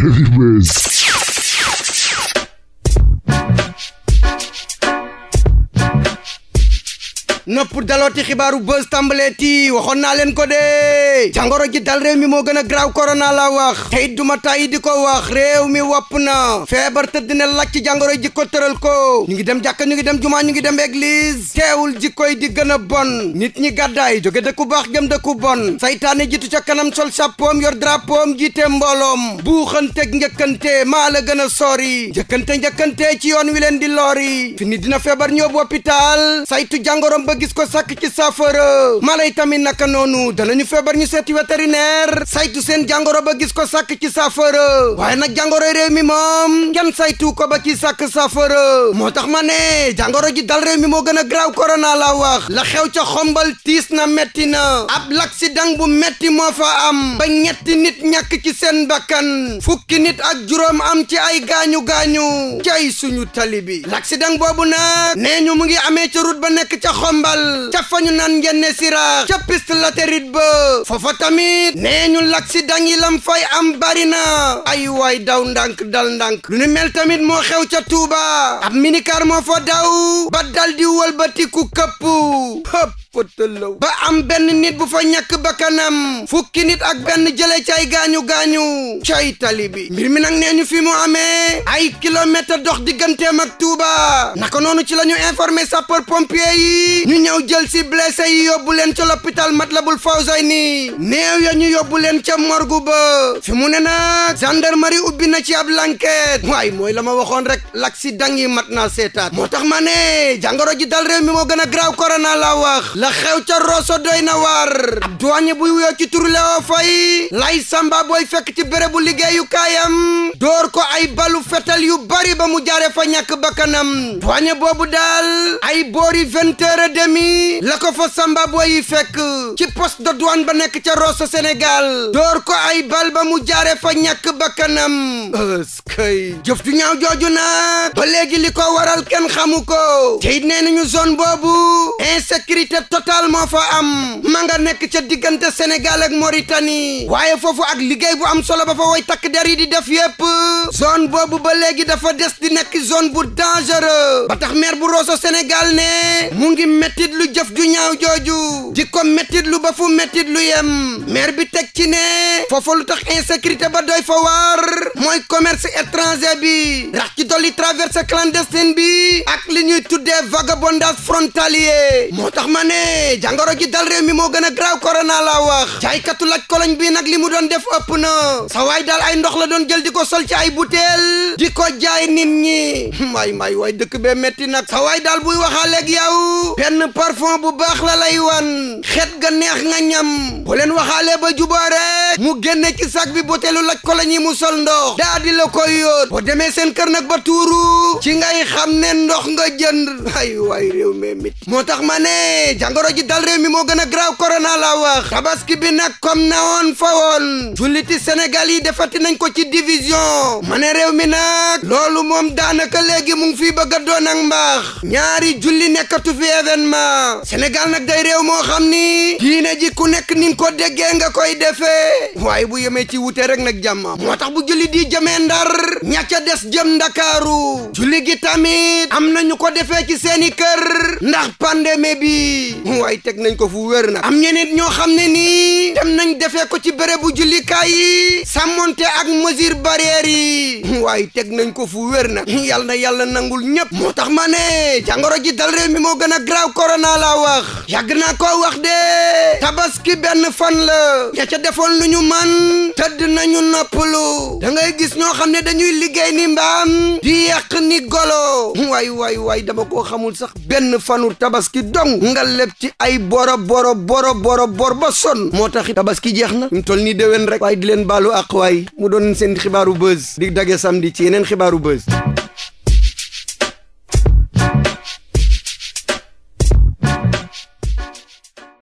Anyways. nopp dalooti xibaaru buzz tàmbalee ti waxoon naa leen ko de de jangoro ji dal réew mi moo gën a graaw korona la wax te it duma tàyyi ko wax réew mi wopp na feebar tëdd na làcc jangoro ji ko tëral ko ñu ngi dem jàkka ñu ngi dem jumaa ñu ngi dem église teewul jikkoy di gën a bon nit ñi gàddaay jóge dëkku baax jëm dëkku bon saytaane jitu ca kanam sol sàppoom yor drapoom jiite mbooloom buuxanteeg njëkkante maa la gën a sori njëkkante njëkkante ci yoon wi leen di lori fi ni dina feebar ñëw hôpital saytu ba gis ko sàkk ci saafara mala yi seeti vétérinaire saytu seen jàngoro ba gis ko sàkk ci saafara waaye nag jàngoro réew mi moom kenn saytu ko ba ci sàkk saafara moo tax ma ne jàngoro ji dal réew mi moo gën a graaw korona la wax la xew ca xombal tiis na metti na ab l'accident bu metti moo fa am ba ñetti nit ñàkk ci seen bakkan fukki nit ak juróom am ci ay gaañu gaañu cay suñu tali bi l'accident boobu nag nee ñu mu ngi amee ca route ba nekk ca xombal ca ñu naan ngenne siraax ca piste latérite ba foofa tamit nee ñu l'accident yi lam fay am bari na ay waay daw ndànk dal ndànk lu ni mel tamit moo xew ca Touba ab minicar moo fa daw ba dal di wëlbatiku këpp fëttalaw ba am benn nit bu fa ñàkk bakkanam fukki nit ak benn jële cay gaañu-gaañu cay tali bi mbir mi nag nee ñu fi mu amee ay kilomètre dox diggante ak Touba naka noonu ci la ñu informé sapeur pompier yi ñu ñaw jël si blessé yi yóbbu leen ca l'hôpital Matlaboul Fawzayni néew ya ñu yóbbu leen ca morgue ba fi mu ne nag gendarmerie ubbi na ci ab l'enquête waaye mooy la ma waxoon rek l'accident yi mat naa seetaat moo tax ma ne jàngoro ji dal réew mi moo gën a graaw korona laa la xew ca Rosso doy na waar duwaañe buy wuyoo ci turu Léo lay samba booy fekk ci bérébu liggéeyu kaayam door ko ay balu fetal yu bari ba mu jaare fa ñàkk bakkanam duwaañe boobu daal ay boori vingt heures demi la ko fa samba booy yi fekk ci post de douane ba nekk ca Rosso Sénégal door ko ay bal ba mu jaare fa ñàkk bakkanam ëskay jëf ju ñaaw jooju nag ba léegi li ko waral kenn xamu ko te it nee nañu zone boobu insécurité total moo fa am ma nga nekk ca diggante Sénégal ak Mauritanie waaye foofu ak liggéey bu am solo ba fa woy takk der yi di def yépp zone boobu ba léegi dafa des di nekk zone bu dangereux ba tax maire bu Rosso Sénégal ne mu ngi mettit lu jëf ju ñaaw jooju di ko mettit lu ba fu mettit lu yem maire bi teg ci ne foofu lu tax insécurité ba doy fa waar mooy commerce étranger bi rax ci dolli traversée clandestine bi ak li ñuy tuddee vagabondage frontalier moo tax ma jangoro gi dal réew mi moo gën a graaw korona laa wax jaaykatu laj koloñ bi nag li mu doon def ëpp na sa waay daal ay ndox la doon jël di ko sol ci ay butéel di ko jaay nit ñi may may waay dëkk bee metti nag sa waay daal buy waxaa léeg yow benn parfum bu baax la lay wan xet ga neex nga ñam bu leen waxaalee ba juboo rek mu génne ci sac bi buteelu laj koloñ yi mu sol ndox daa di la koy yóot boo demee seen kër nag ba tuuru ci ngay xam ne ndox nga jënd ay waay réew mi jàngoro ji dal réew mi moo gën a graaw korona la wax tabaski bi nag comme na woon fa woon julliti senegal yi defati nañ ko ci division ma ne réew mi nag loolu moom daanaka léegi mu ngi fii bëgg a doon ñaari julli nekkatu fi événement Sénégal nag day réew moo xam ni diine ji ku nekk ni ko ko déggee nga koy defee waaye bu yemee ci wute rek nag jàmm moo tax bu julli di jëmee ndar ña ca des jëm ndakaaru julli gi tamit am na ko defee ci seeni kër ndax pandémie waaye teg nañ ko fu wér nag am ñeneen ñoo xam ne nii dem nañ defee ko ci bérébu jullikaay yi sàmmonte ak mesure barrière yi waaye teg nañ ko fu wér nag yàlla na yàlla nangul ñëpp moo tax ma ne jàngoro ji dal réew mi moo gën a graaw korona la wax yàgg naa ko wax de tabaski benn fan la ña defoon lu ñu man tëdd nañu noppalu da ngay gis ñoo xam ne dañuy liggéey ni mbaam di yàq ni golo waay waay waay dama koo xamul sax benn fanu tabaski dong nga leb ci ay boro boro boro boro bor ba son moo tax tabaski tabaski jeex na ñu toll nii déwén rek waaye di leen baalu ak waay mu doon seen xibaaru buzz dig dage samedi ci yeneen xibaaru buzz